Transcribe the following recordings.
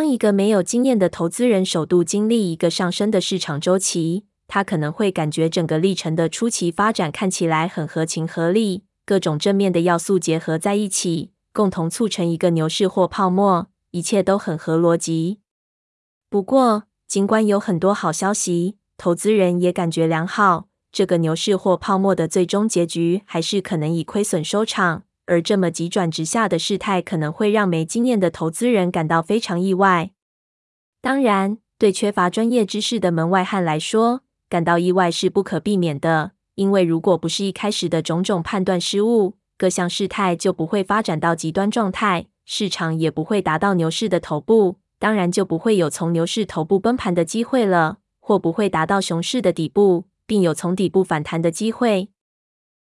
當一個沒有經驗的投資人首度經歷一個上升的市場週期，他可能會感覺整個歷程的初期發展看起來很合情合理，各種正面的要素結合在一起，共同促成一個牛市或泡沫，一切都很合邏輯。不過，儘管有很多好消息，投資人也感覺良好，這個牛市或泡沫的最終結局還是可能以虧損收場。而這麼急轉直下的事態，可能會讓沒經驗的投資人感到非常意外。當然，對缺乏專業知識的門外漢來說，感到意外是不可避免的，因為如果不是一開始的種種判斷失誤，各項事態就不會發展到極端狀態，市場也不會達到牛市的頭部，當然就不會有從牛市頭部崩盤的機會了，或不會達到熊市的底部，並有從底部反彈的機會。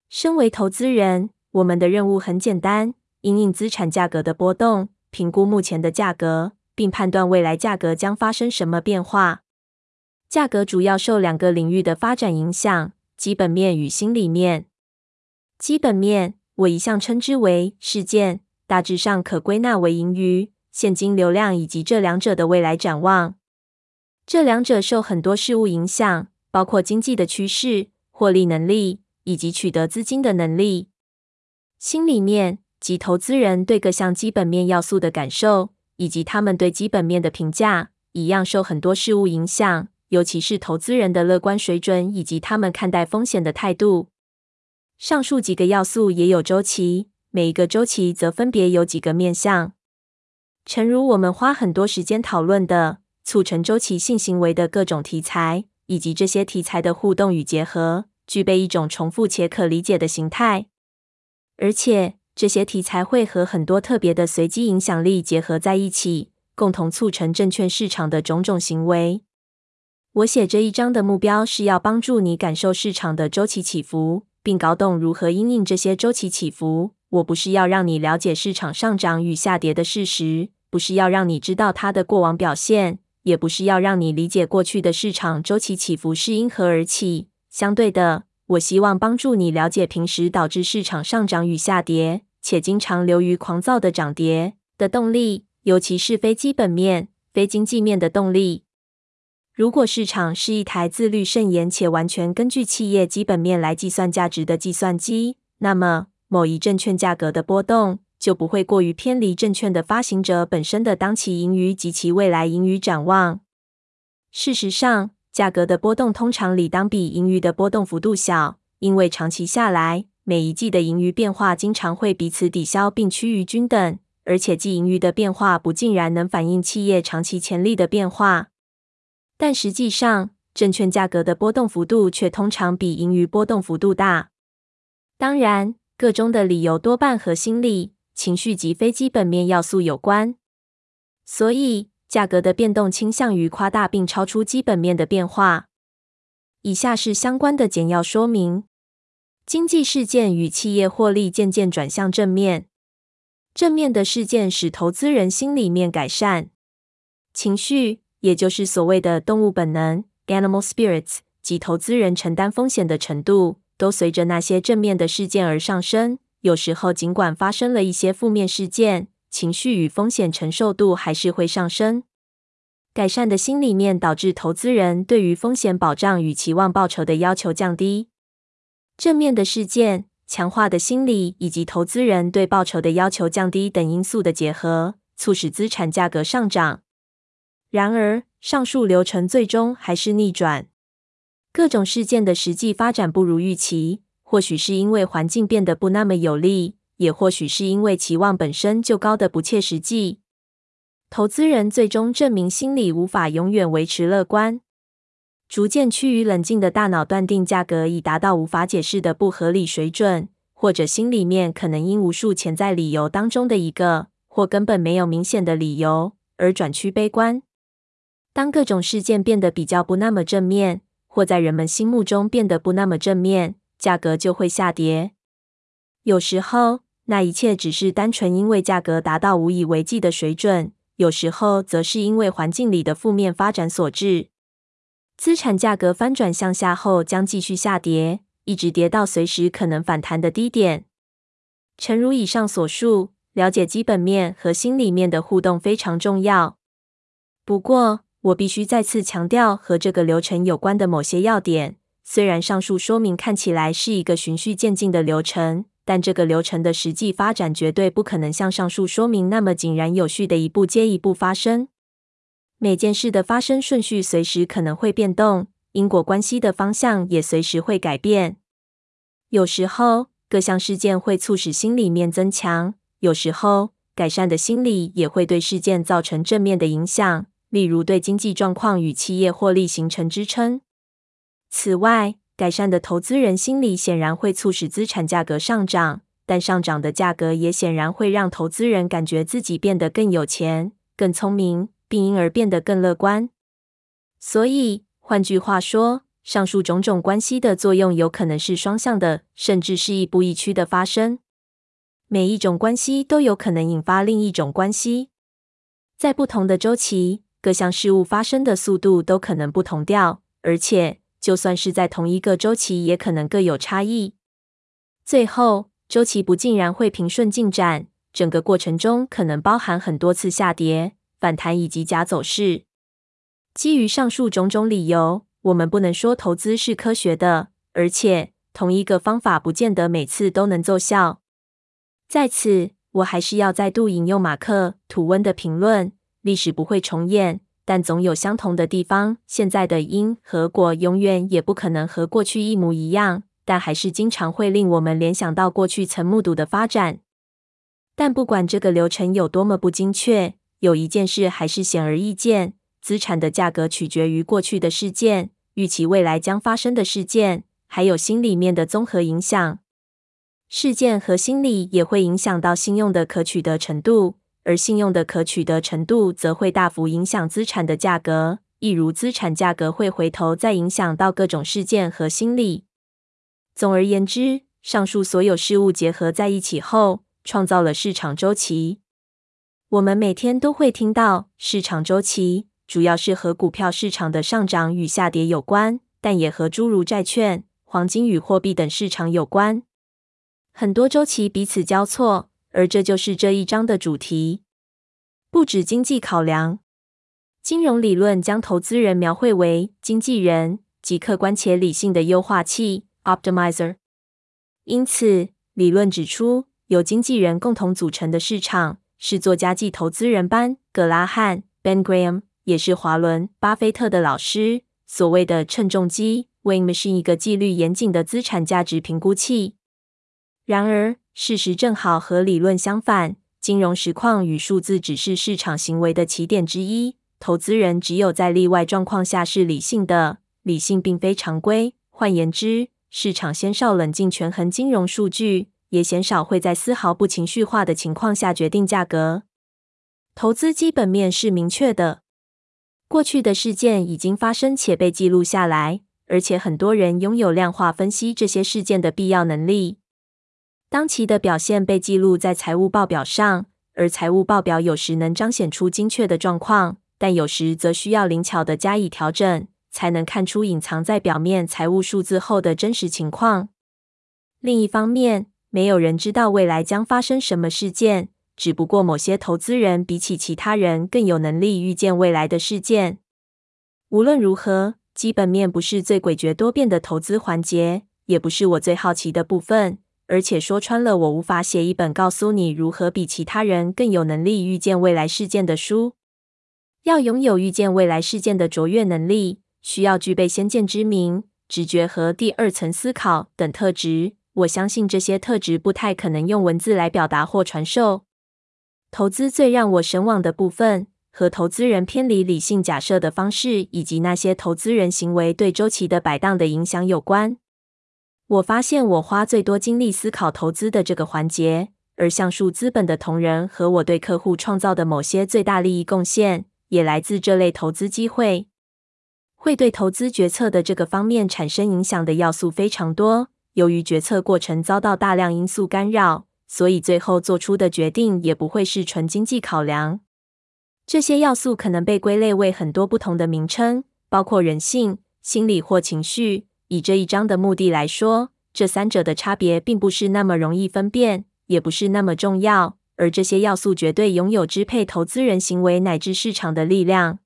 身為投資人，我們的任務很簡單，因應資產價格的波動，評估目前的價格，並判斷未來價格將發生什麼變化。價格主要受兩個領域的發展影響，基本面與心理面。基本面我一向稱之為事件，大致上可歸納為盈餘、現金流量以及這兩者的未來展望。這兩者受很多事物影響，包括經濟的趨勢、獲利能力以及取得資金的能力。心理面及投資人對各項基本面要素的感受，以及他們對基本面的評價，一樣受很多事物影響，尤其是投資人的樂觀水準以及他們看待風險的態度。上述幾個要素也有週期，每一個週期則分別有幾個面向。誠如我們花很多時間討論的，促成週期性行為的各種題材，以及這些題材的互動與結合，具備一種重複且可理解的形態。而且這些題材會和很多特別的隨機影響力結合在一起，共同促成證券市場的種種行為。我寫這一章的目標是要幫助你感受市場的週期起伏，並搞懂如何因應這些週期起伏。我不是要讓你了解市場上漲與下跌的事實，不是要讓你知道它的過往表現，也不是要讓你理解過去的市場週期起伏是因何而起。相對的，我希望幫助你了解平時導致市場上漲與下跌，且經常流於狂躁的漲跌的動力，尤其是非基本面、非經濟面的動力。如果市場是一台自律甚嚴且完全根據企業基本面來計算價值的計算機，那麼某一證券價格的波動就不會過於偏離證券的發行者本身的當期盈餘及其未來盈餘展望。事實上，價格的波動通常理當比盈餘的波動幅度小，因為長期下來，每一季的盈餘變化經常會彼此抵消並趨於均等。而且，季盈餘的變化不盡然能反映企業長期潛力的變化，但實際上，證券價格的波動幅度卻通常比盈餘波動幅度大。當然，個中的理由多半和心理、情緒及非基本面要素有關。所以，價格的變動傾向於誇大並超出基本面的變化。以下是相關的簡要說明：經濟事件與企業獲利漸漸轉向正面，正面的事件使投資人心理面改善，情緒，也就是所謂的動物本能 （animal spirits） 及投資人承擔風險的程度，都隨着那些正面的事件而上升。有時候，盡管發生了一些負面事件，情緒與風險承受度還是會上升，改善的心理面導致投資人對於風險保障與期望報酬的要求降低。正面的事件、強化的心理以及投資人對報酬的要求降低等因素的結合，促使資產價格上漲。然而，上述流程最終還是逆轉。各種事件的實際發展不如預期，或許是因為環境變得不那麼有利。也或許是因為期望本身就高的不切實際，投資人最終證明心理無法永遠維持樂觀，逐漸趨於冷靜的大腦斷定價格已達到無法解釋的不合理水準，或者心裡面可能因無數潛在理由當中的一個，或根本沒有明顯的理由而轉趨悲觀。當各種事件變得比較不那麼正面，或在人們心目中變得不那麼正面，價格就會下跌。有時候。那一切只是單純因為價格達到無以為繼的水準，有時候則是因為環境裡的負面發展所致。資產價格翻轉向下後，將繼續下跌，一直跌到隨時可能反彈的低點。誠如以上所述，了解基本面和心理面的互動非常重要。不過，我必須再次強調和這個流程有關的某些要點，雖然上述說明看起來是一個循序漸進的流程。但這個流程的實際發展絕對不可能像上述說明那麼井然有序的，一步接一步發生。每件事的發生順序隨時可能會變動，因果關係的方向也隨時會改變。有時候，各項事件會促使心理面增強；有時候，改善的心理也會對事件造成正面的影響，例如對經濟狀況與企業獲利形成支撐。此外，改善的投資人心理顯然會促使資產價格上漲，但上漲的價格也顯然會讓投資人感覺自己變得更有錢、更聰明，並因而變得更樂觀。所以，換句話說，上述種種關係的作用有可能是雙向的，甚至是亦步亦趨的發生。每一種關係都有可能引發另一種關係。在不同的周期，各項事物發生的速度都可能不同調，而且。就算是在同一個週期，也可能各有差異。最後，週期不盡然會平順進展，整個過程中可能包含很多次下跌、反彈以及假走勢。基於上述種種理由，我們不能說投資是科學的，而且同一個方法不見得每次都能奏效。在此，我還是要再度引用馬克·吐溫的評論：“歷史不會重演。”但總有相同的地方。現在的因和果永遠也不可能和過去一模一樣，但還是經常會令我們聯想到過去曾目睹的發展。但不管這個流程有多麼不精確，有一件事還是顯而易見：資產的價格取決於過去的事件、預期未來將發生的事件，還有心理面的綜合影響。事件和心理也會影響到信用的可取得程度。而信用的可取得程度則會大幅影響資產的價格，一如資產價格會回頭再影響到各種事件和心理。總而言之，上述所有事物結合在一起後，創造了市場週期。我們每天都會聽到市場週期，主要是和股票市場的上漲與下跌有關，但也和諸如債券、黃金與貨幣等市場有關。很多週期彼此交錯。而這就是這一章的主題。不止經濟考量，金融理論將投資人描繪為經紀人及客觀且理性的優化器 （optimizer）。因此，理論指出，由經紀人共同組成的市場，是作家暨投資人班·格拉漢 （Ben Graham） 也是華倫·巴菲特的老師所謂的稱重機 w i i n g machine），一個紀律嚴謹的資產價值評估器。然而，事實正好和理論相反。金融實況與數字只是市場行為的起點之一。投資人只有在例外狀況下是理性的，理性並非常規。換言之，市場鮮少冷靜權衡金融數據，也鮮少會在絲毫不情緒化的情況下決定價格。投資基本面是明確的，過去的事件已經發生且被記錄下來，而且很多人擁有量化分析這些事件的必要能力。當期的表現被記錄在財務報表上，而財務報表有時能彰顯出精確的狀況，但有時則需要靈巧的加以調整，才能看出隱藏在表面財務數字後的真實情況。另一方面，沒有人知道未來將發生什麼事件，只不過某些投資人比起其他人更有能力預見未來的事件。無論如何，基本面不是最詭譎多變的投資環節，也不是我最好奇的部分。而且說穿了，我無法寫一本告訴你如何比其他人更有能力預見未來事件的書。要擁有預見未來事件的卓越能力，需要具備先見之明、直覺和第二層思考等特質。我相信這些特質不太可能用文字來表達或傳授。投資最讓我神往的部分，和投資人偏離理性假設的方式，以及那些投資人行為對週期的擺盪的影響有關。我發現我花最多精力思考投資的這個環節，而橡樹資本的同仁和我對客戶創造的某些最大利益貢獻，也來自這類投資機會。會對投資決策的這個方面產生影響的要素非常多，由於決策過程遭到大量因素干擾，所以最後做出的決定也不會是純經濟考量。這些要素可能被歸類為很多不同的名稱，包括人性、心理或情緒。以這一章的目的來說，這三者的差別並不是那麼容易分辨，也不是那麼重要。而這些要素絕對擁有支配投資人行為乃至市場的力量。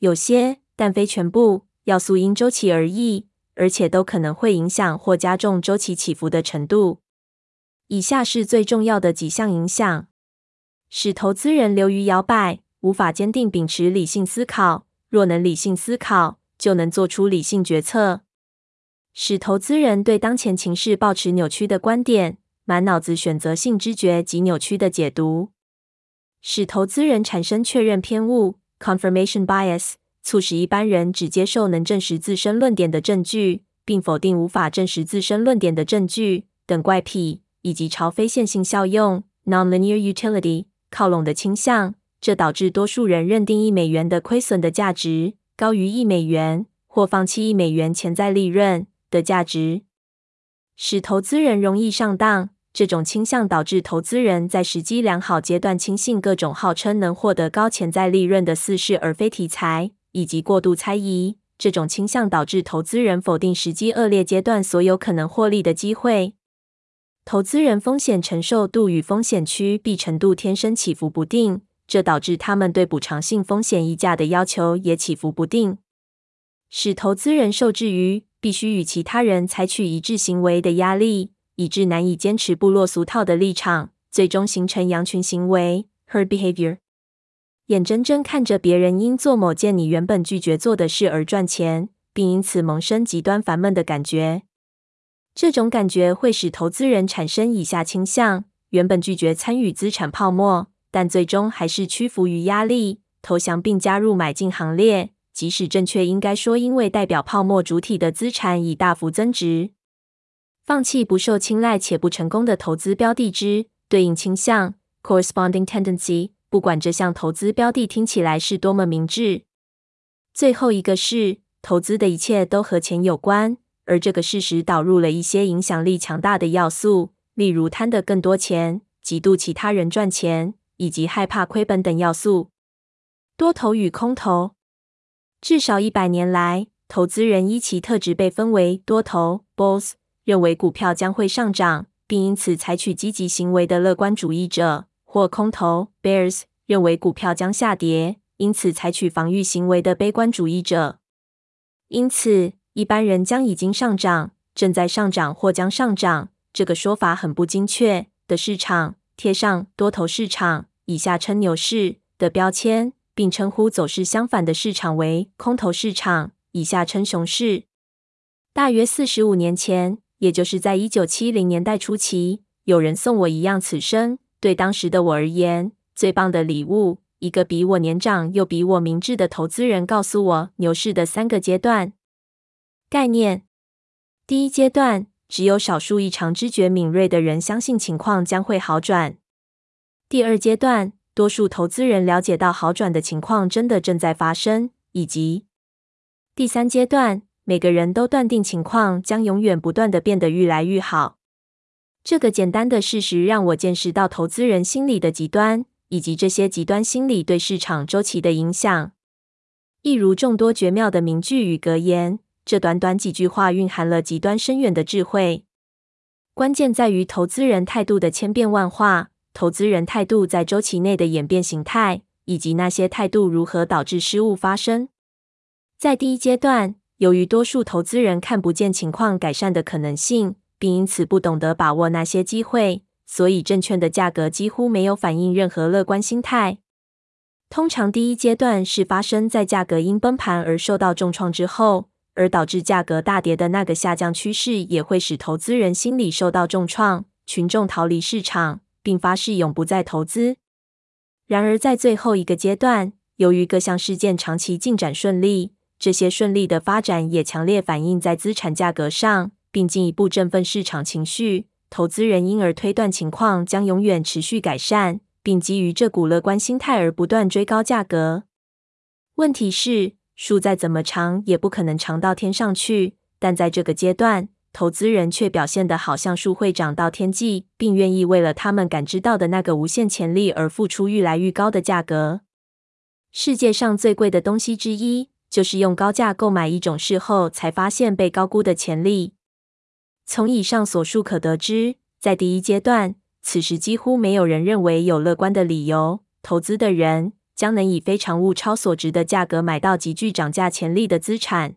有些，但非全部要素因周期而異，而且都可能會影響或加重周期起伏的程度。以下是最重要的幾項影響，使投資人流於搖擺，無法堅定秉持理性思考。若能理性思考，就能做出理性決策。使投資人對當前情勢抱持扭曲的觀點，滿腦子選擇性知覺及扭曲的解讀，使投資人產生確認偏誤 （confirmation bias），促使一般人只接受能證實自身論點的證據，並否定無法證實自身論點的證據等怪癖，以及朝非線性效用 （nonlinear utility） 靠攏的傾向。這導致多數人認定一美元的虧損的價值高於一美元，或放棄一美元潛在利潤。的價值使投資人容易上當。這種傾向導致投資人在時機良好階段輕信各種號稱能獲得高潛在利潤的似是而非題材，以及過度猜疑。這種傾向導致投資人否定時機惡劣階段所有可能獲利的機會。投資人風險承受度與風險規避程度天生起伏不定，這導致他們對補償性風險溢價的要求也起伏不定，使投資人受制於。必須與其他人採取一致行為的壓力，以致難以堅持不落俗套的立場，最終形成羊群行為 （herd behavior）。眼睜睜看着別人因做某件你原本拒絕做的事而賺錢，並因此萌生極端煩悶的感覺。這種感覺會使投資人產生以下傾向：原本拒絕參與資產泡沫，但最終還是屈服於壓力，投降並加入買進行列。即使正確，應該說，因為代表泡沫主體的資產已大幅增值，放棄不受青睞且不成功的投資標的之對應傾向 （corresponding tendency），不管這項投資標的聽起來是多麼明智。最後一個是，投資的一切都和錢有關，而這個事實導入了一些影響力強大的要素，例如貪得更多錢、嫉妒其他人賺錢以及害怕虧本等要素。多頭與空頭。至少一百年來，投資人依其特質被分為多頭 b o s s 認為股票將會上漲，並因此採取積極行為的樂觀主義者，或空頭 (bears) 認為股票將下跌，因此採取防禦行為的悲觀主義者。因此，一般人將已經上漲、正在上漲或將上漲這個說法很不精確的市場貼上多頭市場（以下稱牛市）的標籤。並稱呼走勢相反的市場為空頭市場，以下稱熊市。大約四十五年前，也就是在一九七零年代初期，有人送我一樣此生對當時的我而言最棒的禮物：一個比我年長又比我明智的投資人告訴我牛市的三個階段概念。第一階段，只有少數異常知覺敏銳的人相信情況將會好轉。第二階段。多數投資人了解到好轉的情況真的正在發生，以及第三階段，每個人都斷定情況將永遠不斷地變得越來越好。這個簡單的事實讓我見識到投資人心理的極端，以及這些極端心理對市場周期的影響。一如眾多絕妙的名句與格言，這短短幾句話蘊含了極端深遠的智慧。關鍵在於投資人態度的千變萬化。投資人態度在周期內的演變形態，以及那些態度如何導致失誤發生。在第一階段，由於多數投資人看不見情況改善的可能性，並因此不懂得把握那些機會，所以證券的價格幾乎沒有反映任何樂觀心態。通常，第一階段是發生在價格因崩盤而受到重創之後，而導致價格大跌的那個下降趨勢也會使投資人心理受到重創，群眾逃離市場。並發誓永不再投資。然而，在最後一個階段，由於各項事件長期進展順利，這些順利的發展也強烈反映在資產價格上，並進一步振奮市場情緒。投資人因而推斷情況將永遠持續改善，並基於這股樂觀心態而不斷追高價格。問題是，樹再怎麼長也不可能長到天上去。但在這個階段，投資人卻表現得好像樹會長到天際，並願意為了他們感知到的那個無限潛力而付出愈來愈高的價格。世界上最貴的東西之一，就是用高價購買一種事後才發現被高估的潛力。從以上所述可得知，在第一階段，此時幾乎沒有人認為有樂觀的理由，投資的人將能以非常物超所值的價格買到極具漲價潛力的資產。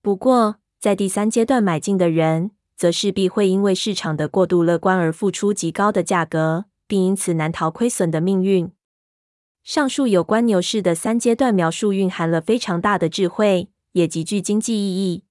不過，在第三階段買進的人，則勢必會因為市場的過度樂觀而付出極高的價格，並因此難逃虧損的命運。上述有關牛市的三階段描述，蘊含了非常大的智慧，也極具經濟意義。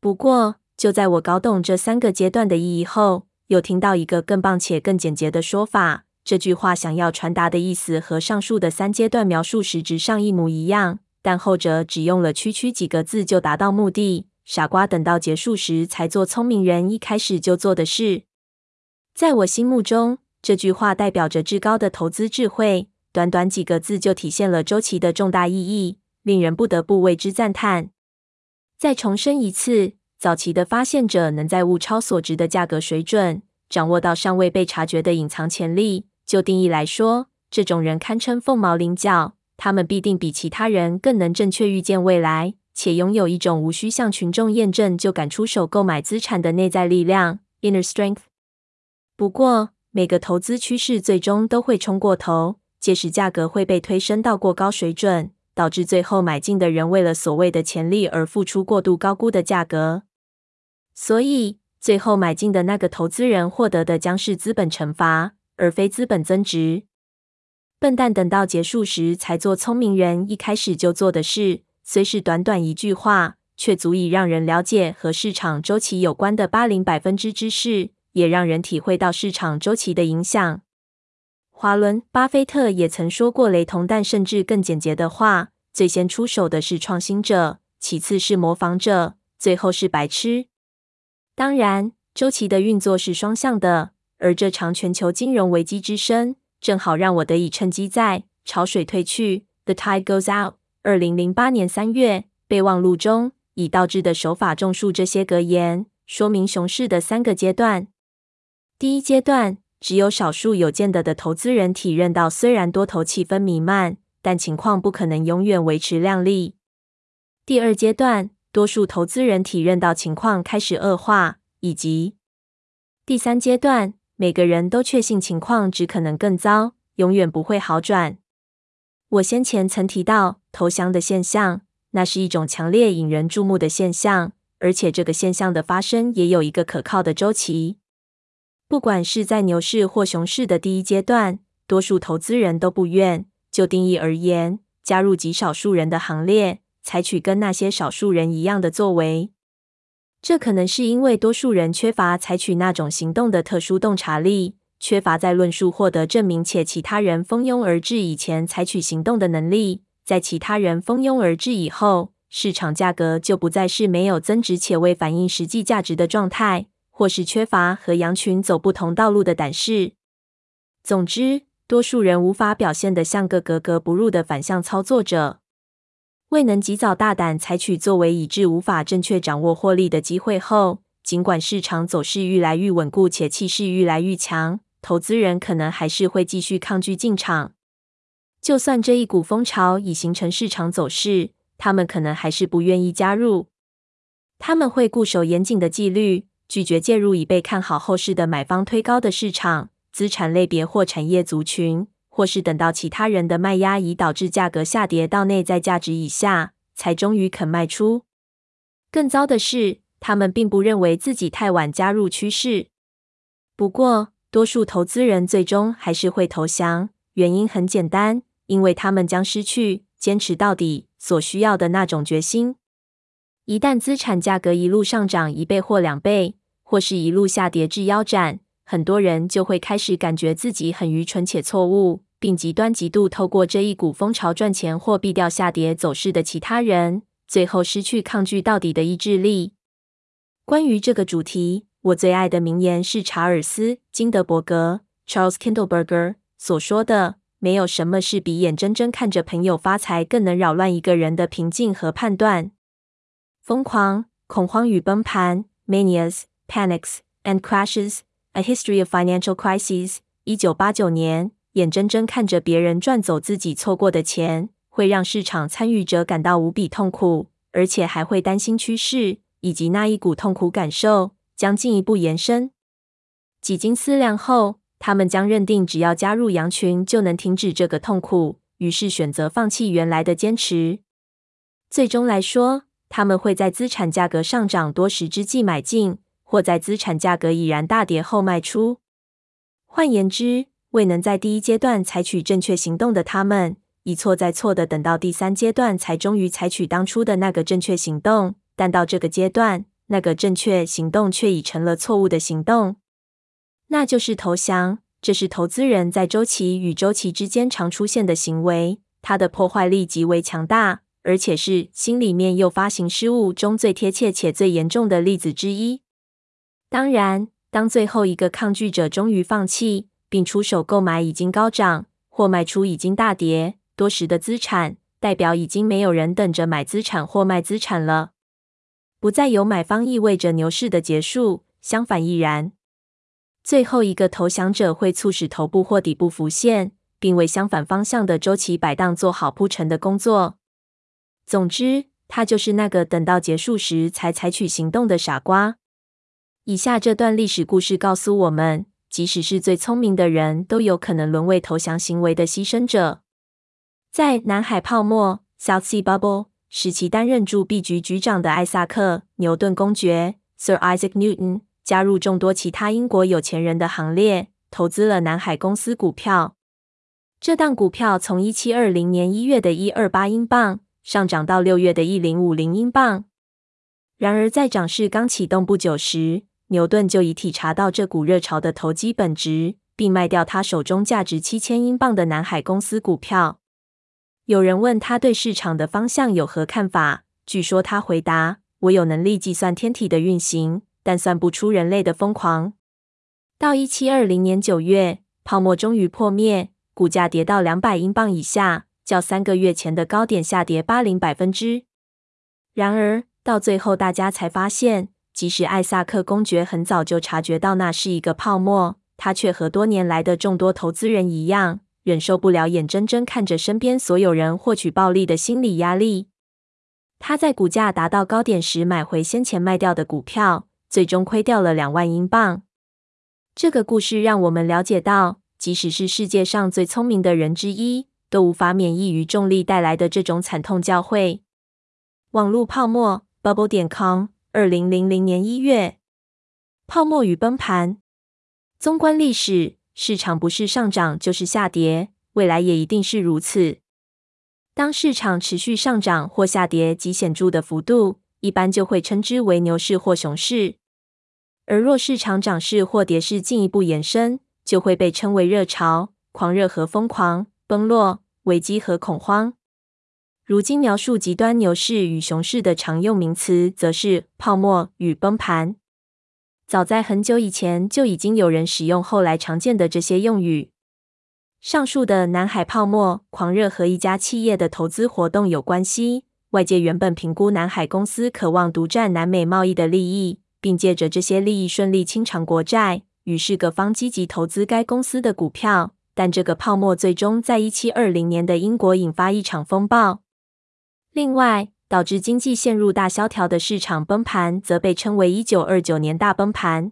不過，就在我搞懂這三個階段的意義後，又聽到一個更棒且更簡潔的說法。這句話想要傳達的意思和上述的三階段描述實質上一模一樣，但後者只用了區區幾個字就達到目的。傻瓜等到結束時才做聰明人一開始就做的事。在我心目中，這句話代表着至高的投資智慧。短短幾個字就體現了周期的重大意義，令人不得不為之讚嘆。再重申一次，早期的發現者能在物超所值的價格水準掌握到尚未被察覺的隱藏潛力，就定義來說，這種人堪稱鳳毛麟角。他們必定比其他人更能正確預見未來。且擁有一種無需向群眾驗證就敢出手購買資產的內在力量 （inner strength）。不過，每個投資趨勢最終都會衝過頭，屆時價格會被推升到過高水準，導致最後買進的人為了所謂的潛力而付出過度高估的價格。所以，最後買進的那個投資人獲得的將是資本懲罰，而非資本增值。笨蛋等到結束時才做聰明人一開始就做的事。雖是短短一句話，卻足以讓人了解和市場週期有關的80%之事，也讓人體會到市場週期的影響。華倫巴菲特也曾說過雷同但甚至更簡潔的話：“最先出手的是創新者，其次是模仿者，最後是白痴。”當然，週期的運作是雙向的，而這場全球金融危機之深，正好讓我得以趁機在潮水退去，The tide goes out。二零零八年三月備忘錄中，以倒置的手法重述這些格言，說明熊市的三個階段：第一階段，只有少數有見地的投資人體認到，雖然多頭氣氛彌漫，但情況不可能永遠維持亮麗；第二階段，多數投資人體認到情況開始惡化；以及第三階段，每個人都確信情況只可能更糟，永遠不會好轉。我先前曾提到，投降的現象，那是一種強烈引人注目的現象，而且這個現象的發生也有一個可靠的週期。不管是在牛市或熊市的第一階段，多數投資人都不願就定義而言，加入極少數人的行列，採取跟那些少數人一樣的作為。這可能是因為多數人缺乏採取那種行動的特殊洞察力。缺乏在論述獲得證明且其他人蜂擁而至以前採取行動的能力，在其他人蜂擁而至以後，市場價格就不再是沒有增值且未反映實際價值的狀態，或是缺乏和羊群走不同道路的膽識。總之，多數人無法表現得像個格格不入的反向操作者，未能及早大膽採取作為以致無法正確掌握獲利的機會後，儘管市場走勢愈來愈穩固且氣勢愈來愈強。投資人可能還是會繼續抗拒進場，就算這一股風潮已形成市場走勢，他們可能還是不願意加入。他們會固守嚴謹的紀律，拒絕介入已被看好後市的買方推高的市場資產類別或產業族群，或是等到其他人的賣壓已導致價格下跌到內在價值以下，才終於肯賣出。更糟的是，他們並不認為自己太晚加入趨勢。不過。多數投資人最終還是會投降，原因很簡單，因為他們將失去堅持到底所需要的那種決心。一旦資產價格一路上漲一倍或兩倍，或是一路下跌至腰斬，很多人就會開始感覺自己很愚蠢且錯誤，並極端極度透過這一股風潮賺錢或避掉下跌走勢的其他人，最後失去抗拒到底的意志力。關於這個主題。我最愛的名言是查爾斯金德伯格 （Charles Kindleberger） 所說的：“沒有什麼是比眼睜睜看着朋友發財更能擾亂一個人的平靜和判斷。”《瘋狂、恐慌與崩盤：Manias, Panics, and Crashes: A History of Financial Crises》一九八九年，眼睜睜看着別人賺走自己錯過的錢，會讓市場參與者感到無比痛苦，而且還會擔心趨勢以及那一股痛苦感受。將進一步延伸。幾經思量後，他們將認定，只要加入羊群就能停止這個痛苦，於是選擇放棄原來的堅持。最終來說，他們會在資產價格上漲多時之際買進，或在資產價格已然大跌後賣出。換言之，未能在第一階段採取正確行動的他們，一錯再錯的等到第三階段才終於採取當初的那個正確行動，但到這個階段，那個正確行動卻已成了錯誤的行動，那就是投降。這是投資人在周期與周期之間常出現的行為，它的破壞力極為強大，而且是心理面誘發型失誤中最貼切且最嚴重的例子之一。當然，當最後一個抗拒者終於放棄，並出手購買已經高漲或賣出已經大跌多時的資產，代表已經沒有人等着買資產或賣資產了。不再有買方，意味着牛市的結束。相反亦然，最後一個投降者會促使頭部或底部浮現，並為相反方向的周期擺盪做好鋪陳的工作。總之，他就是那個等到結束時才採取行動的傻瓜。以下這段歷史故事告訴我們，即使是最聰明的人都有可能淪為投降行為的犧牲者。在南海泡沫 （South Sea Bubble）。使其擔任鑄幣局局長的艾薩克·牛頓公爵 （Sir Isaac Newton） 加入眾多其他英國有錢人的行列，投資了南海公司股票。這檔股票從一七二零年一月的一二八英鎊上漲到六月的一零五零英鎊。然而，在漲勢剛啟動不久時，牛頓就已體察到這股熱潮的投機本質，並賣掉他手中價值七千英鎊的南海公司股票。有人問他對市場的方向有何看法，據說他回答：“我有能力計算天體的運行，但算不出人類的瘋狂。”到一七二零年九月，泡沫終於破滅，股價跌到兩百英鎊以下，較三個月前的高點下跌百分之八十。然而到最後，大家才發現，即使艾薩克公爵很早就察覺到那是一個泡沫，他卻和多年來的眾多投資人一樣。忍受不了眼睜睜看着身邊所有人獲取暴利的心理壓力，他在股價達到高點時買回先前賣掉的股票，最終虧掉了兩萬英鎊。這個故事讓我們了解到，即使是世界上最聰明的人之一，都無法免疫於重力帶來的這種慘痛教誨。網絡泡沫，bubble.com，二零零零年一月，泡沫與崩盤。縱觀歷史。市場不是上漲就是下跌，未來也一定是如此。當市場持續上漲或下跌極顯著的幅度，一般就會稱之為牛市或熊市。而若市場漲勢或跌勢進一步延伸，就會被稱為熱潮、狂熱和瘋狂、崩落、危機和恐慌。如今描述極端牛市與熊市的常用名詞則是泡沫與崩盤。早在很久以前就已經有人使用後來常見的這些用語。上述的南海泡沫狂熱和一家企業的投資活動有關係。外界原本評估南海公司渴望獨佔南美貿易的利益，並借着這些利益順利清償國債，於是各方積極投資該公司的股票。但這個泡沫最終在一七二零年的英國引發一場風暴。另外，導致經濟陷入大蕭條的市場崩盤，則被稱為一九二九年大崩盤。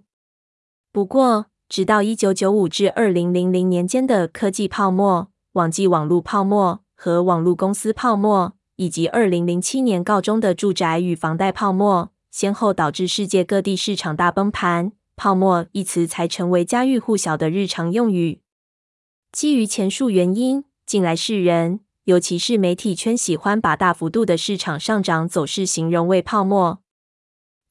不過，直到一九九五至二零零零年間的科技泡沫、網際網絡泡沫和網絡公司泡沫，以及二零零七年告終的住宅與房貸泡沫，先後導致世界各地市場大崩盤，泡沫一詞才成為家喻戶曉的日常用語。基於前述原因，近來世人。尤其是媒體圈喜歡把大幅度的市場上漲走勢形容為泡沫。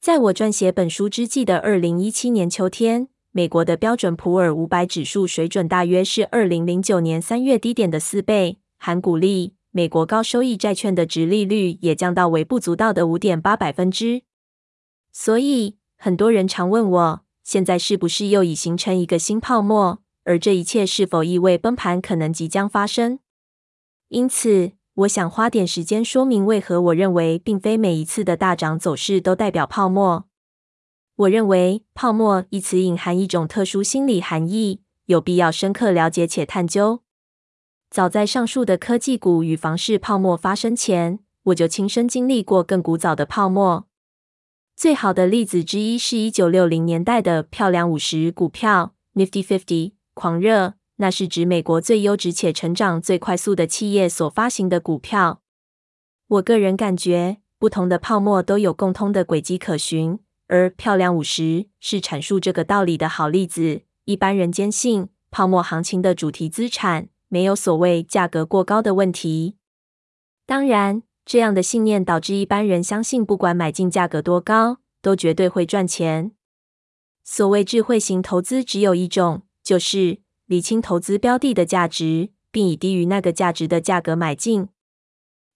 在我撰寫本書之際的二零一七年秋天，美國的標準普爾五百指數水準大約是二零零九年三月低點的四倍，含股利。美國高收益債券的殖利率也降到微不足道的五點八百分之。所以，很多人常問我，現在是不是又已形成一個新泡沫？而這一切是否意味崩盤可能即將發生？因此，我想花點時間說明，為何我認為並非每一次的大漲走勢都代表泡沫。我認為“泡沫”一詞隱含一種特殊心理含義，有必要深刻了解且探究。早在上述的科技股與房市泡沫發生前，我就親身經歷過更古早的泡沫。最好的例子之一是1960年代的漂亮五十股票 n i f t y Fifty） 狂熱。那是指美國最優質且成長最快速的企業所發行的股票。我個人感覺，不同的泡沫都有共通的軌跡可循，而漂亮五十是闡述這個道理的好例子。一般人堅信泡沫行情的主題資產沒有所謂價格過高的問題。當然，這樣的信念導致一般人相信，不管買進價格多高，都絕對會賺錢。所謂智慧型投資只有一種，就是，理清投資標的的價值，並以低於那個價值的價格買進。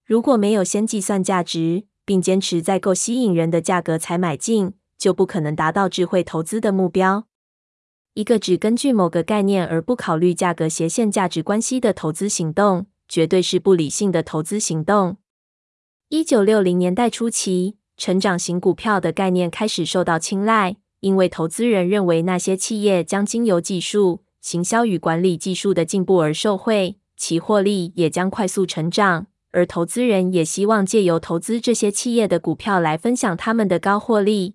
如果沒有先計算價值，並堅持在夠吸引人的價格才買進，就不可能達到智慧投資的目標。一個只根據某個概念而不考慮價格斜線價值關係的投資行動，絕對是不理性的投資行動。一九六零年代初期，成長型股票的概念開始受到青睞，因為投資人認為那些企業將經由技術。行銷與管理技術的進步而受惠，其獲利也將快速成長。而投資人也希望借由投資這些企業的股票來分享他們的高獲利。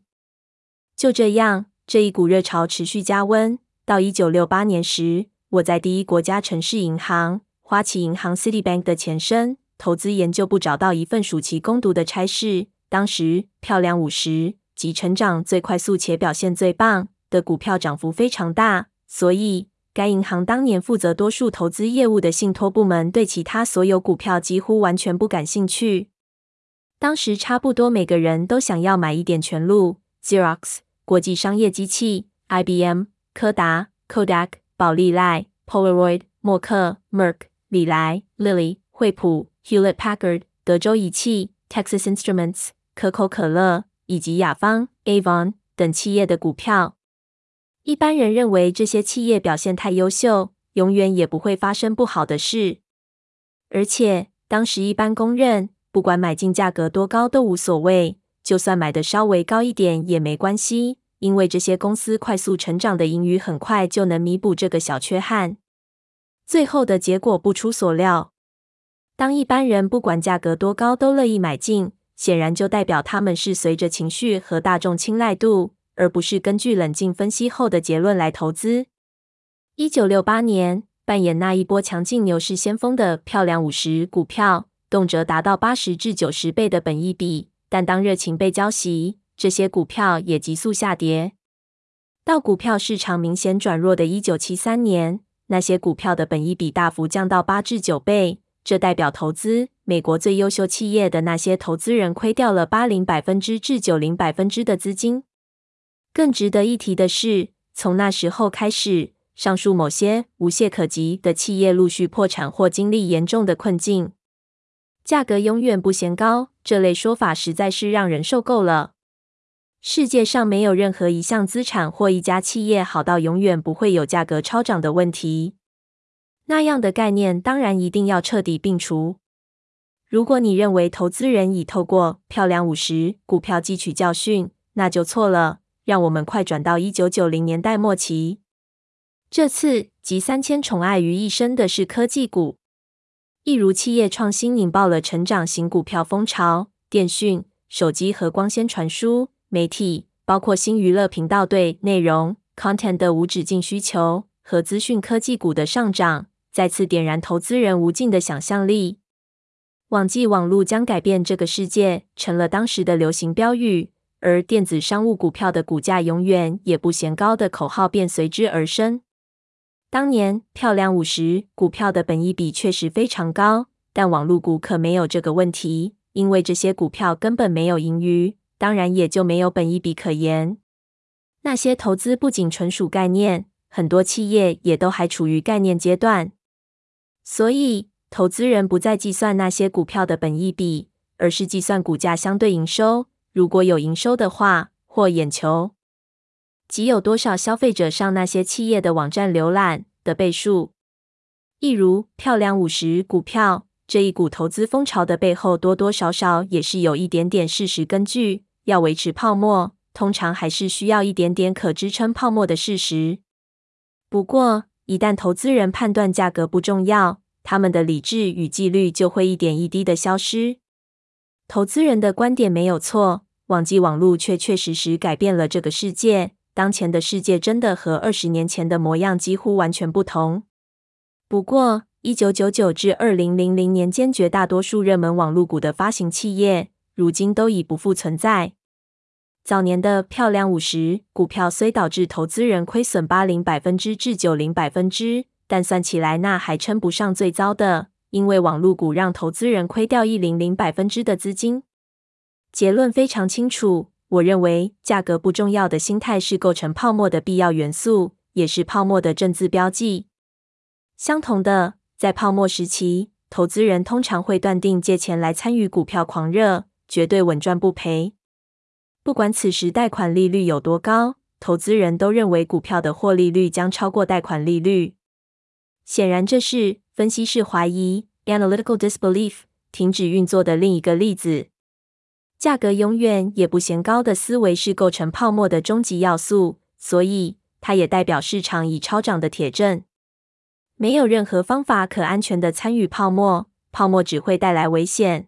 就這樣，這一股熱潮持續加溫。到一九六八年時，我在第一國家城市銀行（花旗銀行 Citibank） 的前身投資研究部找到一份暑期工讀的差事。當時，漂亮五十即成長最快速且表現最棒的股票漲幅非常大，所以。該銀行當年負責多數投資業務的信託部門，對其他所有股票幾乎完全不感興趣。當時差不多每個人都想要買一點全錄 （Xerox）、x x, 國際商業機器 （IBM）、柯達 （Kodak）、寶麗來 （Polaroid）、默克 （Merck）、禮來 （Lilly）、Lily, ili, 惠普 （Hewlett-Packard）、He ard, 德州儀器 （Texas Instruments）、可口可樂以及雅芳 （Avon） 等企業的股票。一般人認為這些企業表現太優秀，永遠也不會發生不好的事。而且當時一般公認，不管買進價格多高都無所謂，就算買得稍微高一點也沒關係，因為這些公司快速成長的盈餘很快就能彌補這個小缺憾。最後的結果不出所料，當一般人不管價格多高都樂意買進，顯然就代表他們是隨着情緒和大眾青睞度，而不是根據冷靜分析後的結論來投資。一九六八年扮演那一波強勁牛市先鋒的漂亮五十股票，動輒達到八十至九十倍的本益比。但當熱情被澆熄，這些股票也急速下跌。到股票市場明顯轉弱的一九七三年，那些股票的本益比大幅降到八至九倍，這代表投資美國最優秀企業的那些投資人虧掉了百分之八十至百分之九十的資金。更值得一提的是，從那時候開始，上述某些無懈可擊的企業陸續破產或經歷嚴重的困境。價格永遠不嫌高，這類說法實在是讓人受夠了。世界上沒有任何一項資產或一家企業好到永遠不會有價格超漲的問題。那樣的概念當然一定要徹底摒除。如果你認為投資人已透過漂亮五十股票汲取教訓，那就錯了。讓我們快轉到一九九零年代末期。這次集三千寵愛於一身的是科技股，一如企業創新引爆了成長型股票風潮。電訊、手機和光纖傳輸、媒體，包括新娛樂頻道對內容 （content） 的無止境需求和資訊科技股的上漲，再次點燃投資人無盡的想象力。網際網路將改變這個世界，成了當時的流行標語。而電子商務股票的股價永遠也不嫌高的口號便隨之而生。當年漂亮五十股票的本益比確實非常高，但網絡股可沒有這個問題，因為這些股票根本沒有盈餘，當然也就沒有本益比可言。那些投資不僅純屬概念，很多企業也都還處於概念階段，所以投資人不再計算那些股票的本益比，而是計算股價相對營收，如果有營收的話，或眼球，即有多少消費者上那些企業的網站瀏覽的倍數，例如漂亮五十股票這一股投資風潮的背後，多多少少也是有一點點事實根據。要維持泡沫，通常還是需要一點點可支撐泡沫的事實。不過，一旦投資人判斷價格不重要，他們的理智與紀律就會一點一滴的消失。投資人的觀點沒有錯，網際網路確確實實改變了這個世界。當前的世界真的和二十年前的模樣幾乎完全不同。不過，一九九九至二零零零年間，絕大多數熱門網絡股的發行企業，如今都已不復存在。早年的漂亮五十股票雖導致投資人虧損百分之八十至百分之九十，但算起來那還稱不上最糟的。因為網絡股讓投資人虧掉百分之百的資金，結論非常清楚。我認為價格不重要的心態是構成泡沫的必要元素，也是泡沫的正字標記。相同的，在泡沫時期，投資人通常會斷定借錢來參與股票狂熱，絕對穩賺不賠。不管此時貸款利率有多高，投資人都認為股票的獲利率將超過貸款利率。顯然，這是分析式懷疑，analytical disbelief，停止運作的另一個例子。價格永遠也不嫌高的思維是構成泡沫的終極要素，所以它也代表市場已超漲的鐵證。沒有任何方法可安全的參與泡沫，泡沫只會帶來危險。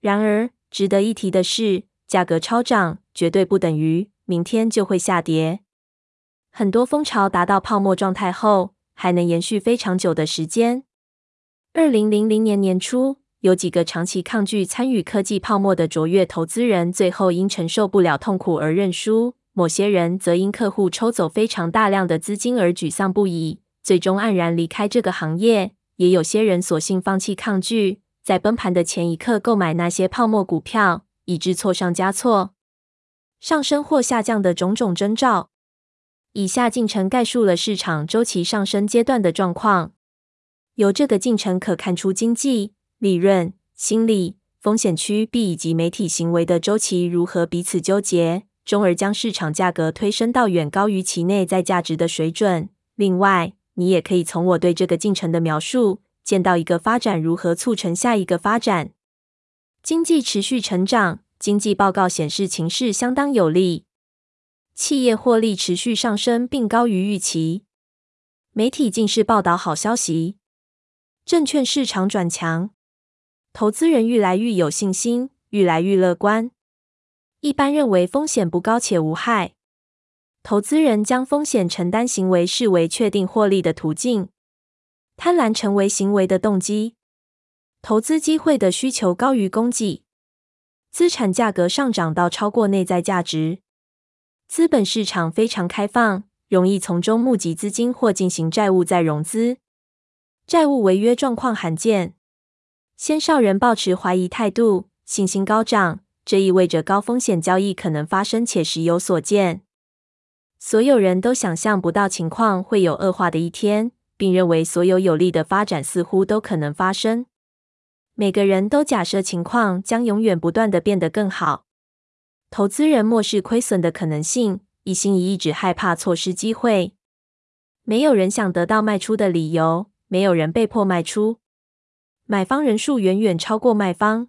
然而，值得一提的是，價格超漲絕對不等於明天就會下跌。很多風潮達到泡沫狀態後。還能延續非常久的時間。二零零零年年初，有幾個長期抗拒參與科技泡沫的卓越投資人，最後因承受不了痛苦而認輸；某些人則因客戶抽走非常大量的資金而沮喪不已，最終黯然離開這個行業。也有些人索性放棄抗拒，在崩盤的前一刻購買那些泡沫股票，以致錯上加錯。上升或下降的種種徵兆。以下進程概述了市場週期上升階段的狀況。由這個進程可看出，經濟、利潤、心理、風險趨避以及媒體行為的週期如何彼此糾結，終而將市場價格推升到遠高於其內在價值的水準。另外，你也可以從我對這個進程的描述，見到一個發展如何促成下一個發展。經濟持續成長，經濟報告顯示情勢相當有利。企業獲利持續上升，並高於預期。媒體盡是報道好消息，證券市場轉強，投資人愈來愈有信心，愈來愈樂觀。一般認為風險不高且無害，投資人將風險承擔行為視為確定獲利的途徑，貪婪成為行為的動機。投資機會的需求高於供給，資產價格上漲到超過內在價值。資本市場非常開放，容易從中募集資金或進行債務再融資。債務違約狀況罕見。鮮少人抱持懷疑態度，信心高漲。這意味着高風險交易可能發生且時有所見。所有人都想象不到情況會有惡化的一天，並認為所有有利的發展似乎都可能發生。每個人都假設情況將永遠不斷地變得更好。投資人漠視虧損的可能性，一心一意只害怕錯失機會。沒有人想得到賣出的理由，沒有人被迫賣出。買方人數遠遠超過賣方。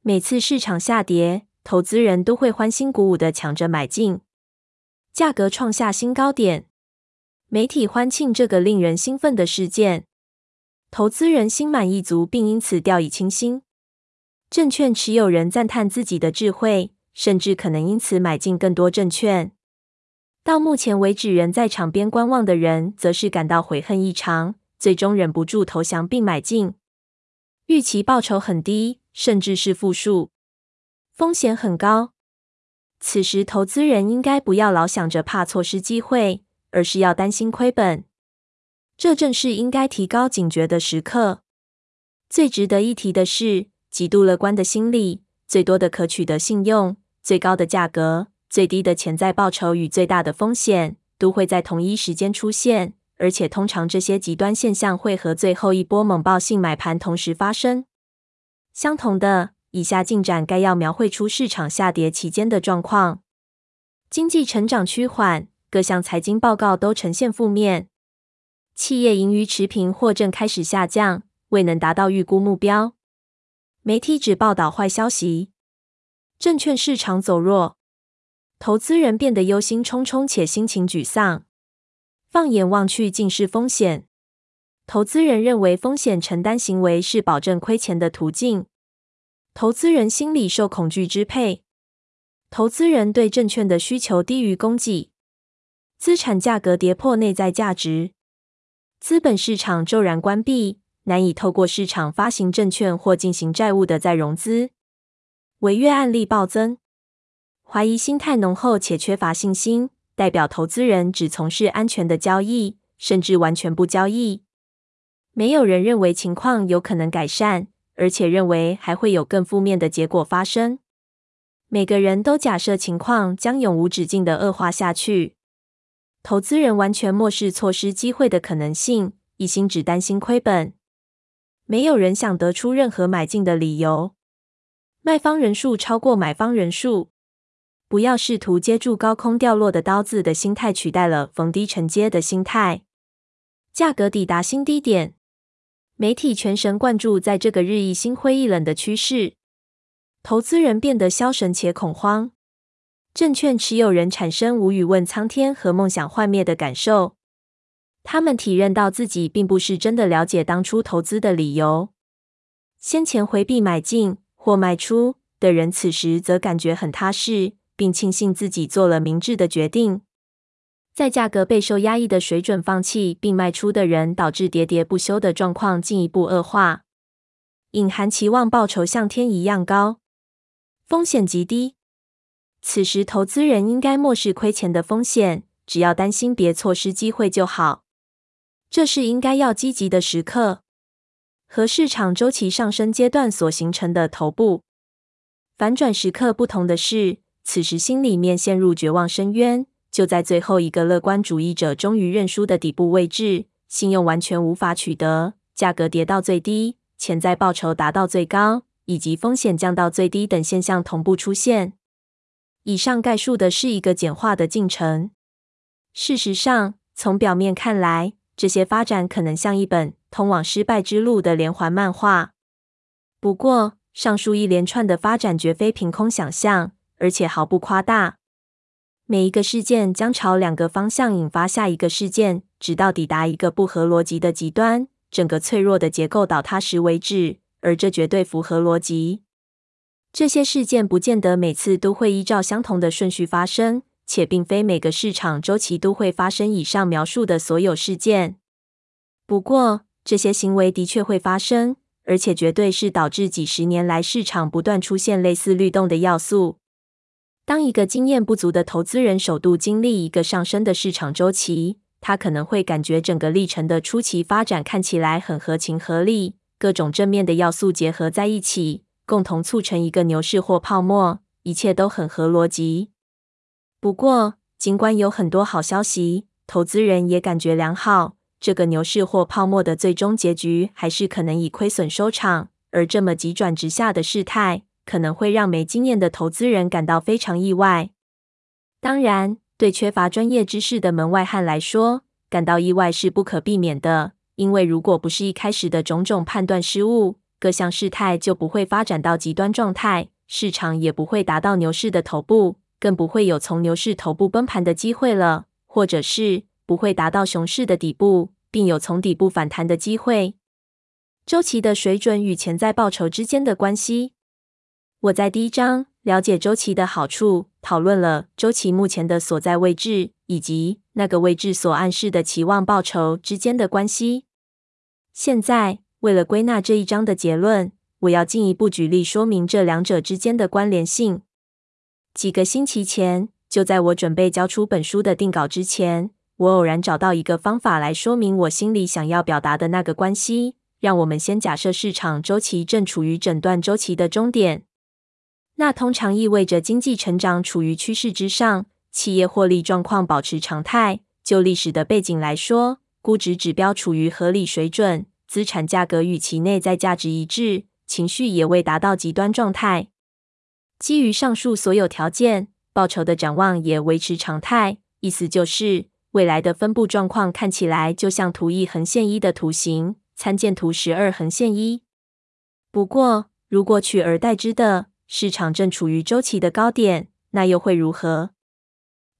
每次市場下跌，投資人都會歡欣鼓舞地搶着買進，價格創下新高點。媒體歡慶這個令人興奮的事件，投資人心滿意足，並因此掉以輕心。證券持有人讚嘆自己的智慧。甚至可能因此買進更多證券。到目前為止，仍在場邊觀望的人，則是感到悔恨異常，最終忍不住投降並買進。預期報酬很低，甚至是負數，風險很高。此時，投資人應該不要老想着怕錯失機會，而是要擔心虧本。這正是應該提高警覺的時刻。最值得一提的是，極度樂觀的心理，最多的可取得信用。最高的價格、最低的潛在報酬與最大的風險都會在同一時間出現，而且通常這些極端現象會和最後一波猛爆性買盤同時發生。相同的，以下進展概要描繪出市場下跌期間的狀況：經濟成長趨緩，各項財經報告都呈現負面，企業盈餘持平或正開始下降，未能達到預估目標。媒體只報道壞消息。證券市場走弱，投資人變得憂心忡忡且心情沮喪。放眼望去，盡是風險。投資人認為風險承擔行為是保證虧錢的途徑。投資人心理受恐懼支配。投資人對證券的需求低於供給，資產價格跌破內在價值，資本市場驟然關閉，難以透過市場發行證券或進行債務的再融資。違約案例暴增，懷疑心態濃厚且缺乏信心，代表投資人只從事安全的交易，甚至完全不交易。沒有人認為情況有可能改善，而且認為還會有更負面的結果發生。每個人都假設情況將永無止境地惡化下去。投資人完全漠視錯失機會的可能性，一心只擔心虧本。沒有人想得出任何買進的理由。賣方人數超過買方人數，不要試圖接住高空掉落的刀子的心態取代了逢低承接的心態。價格抵達新低點，媒體全神貫注在這個日益心灰意冷的趨勢。投資人變得消沉且恐慌，證券持有人產生無語問蒼天和夢想幻滅的感受。他們體認到自己並不是真的了解當初投資的理由，先前回避買進。或賣出的人此時則感覺很踏實，並慶幸自己做了明智的決定。在價格備受壓抑的水準放棄並賣出的人，導致跌跌不休的狀況進一步惡化。隱含期望報酬，像天一樣高，風險極低。此時投資人應該漠視虧錢的風險，只要擔心別錯失機會就好。這是應該要積極的時刻。和市場週期上升階段所形成的頭部反轉時刻不同的是，此時心裡面陷入絕望深淵，就在最後一個樂觀主義者終於認輸的底部位置，信用完全無法取得，價格跌到最低，潛在報酬達到最高，以及風險降到最低等現象同步出現。以上概述的是一個簡化的進程。事實上，從表面看來，這些發展可能像一本通往失敗之路的連環漫畫。不過，上述一連串的發展絕非憑空想象，而且毫不誇大。每一個事件將朝兩個方向引發下一個事件，直到抵達一個不合邏輯的極端，整個脆弱的結構倒塌時為止。而這絕對符合邏輯。這些事件不見得每次都會依照相同的順序發生，且並非每個市場周期都會發生以上描述的所有事件。不過，這些行為的確會發生，而且絕對是導致幾十年來市場不斷出現類似律動的要素。當一個經驗不足的投資人首度經歷一個上升的市場週期，他可能會感覺整個歷程的初期發展看起來很合情合理，各種正面的要素結合在一起，共同促成一個牛市或泡沫，一切都很合邏輯。不過，儘管有很多好消息，投資人也感覺良好。這個牛市或泡沫的最終結局，還是可能以虧損收場。而這麼急轉直下的事態，可能會讓沒經驗的投資人感到非常意外。當然，對缺乏專業知識的門外漢來說，感到意外是不可避免的，因為如果不是一開始的種種判斷失誤，各項事態就不會發展到極端狀態，市場也不會達到牛市的頭部，更不會有從牛市頭部崩盤的機會了，或者是。不會達到熊市的底部，並有從底部反彈的機會。週期的水準與潛在報酬之間的關係，我在第一章了解週期的好處，討論了週期目前的所在位置以及那個位置所暗示的期望報酬之間的關係。現在，為了歸納這一章的結論，我要進一步舉例說明這兩者之間的關聯性。幾個星期前，就在我準備交出本書的定稿之前。我偶然找到一個方法來說明我心裡想要表達的那個關係。讓我們先假設市場週期正處於整段週期的終點，那通常意味着經濟成長處於趨勢之上，企業獲利狀況保持常態。就歷史的背景來說，估值指標處於合理水準，資產價格與其內在價值一致，情緒也未達到極端狀態。基於上述所有條件，報酬的展望也維持常態。意思就是。未來的分布狀況看起來就像圖一橫線一的圖形，參見圖十二橫線一。不過，如果取而代之的市場正處於週期的高點，那又會如何？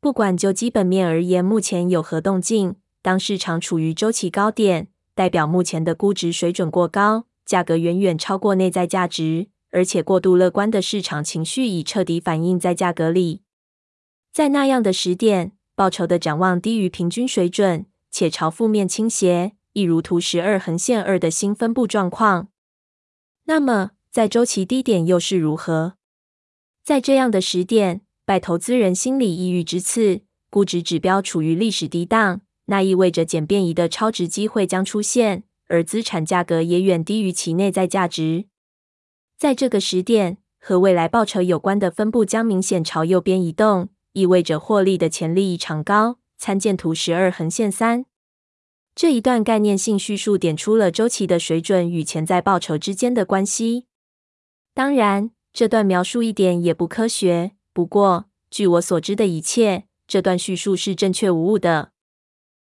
不管就基本面而言，目前有何動靜？當市場處於週期高點，代表目前的估值水準過高，價格遠遠超過內在價值，而且過度樂觀的市場情緒已徹底反映在價格裡。在那樣的時點，報酬的展望低於平均水準，且朝負面傾斜，一如圖十二橫線二的新分布狀況。那麼，在週期低點又是如何？在這樣的時點，拜投資人心理抑鬱之賜，估值指標處於歷史低檔，那意味着撿便宜的超值機會將出現，而資產價格也遠低於其內在價值，在這個時點，和未來報酬有關的分布將明顯朝右邊移動。意味着獲利的潛力異常高。參見圖十二橫線三。這一段概念性敘述點出了週期的水準與潛在報酬之間的關係。當然，這段描述一點也不科學，不過，據我所知的一切，這段敘述是正確無誤的。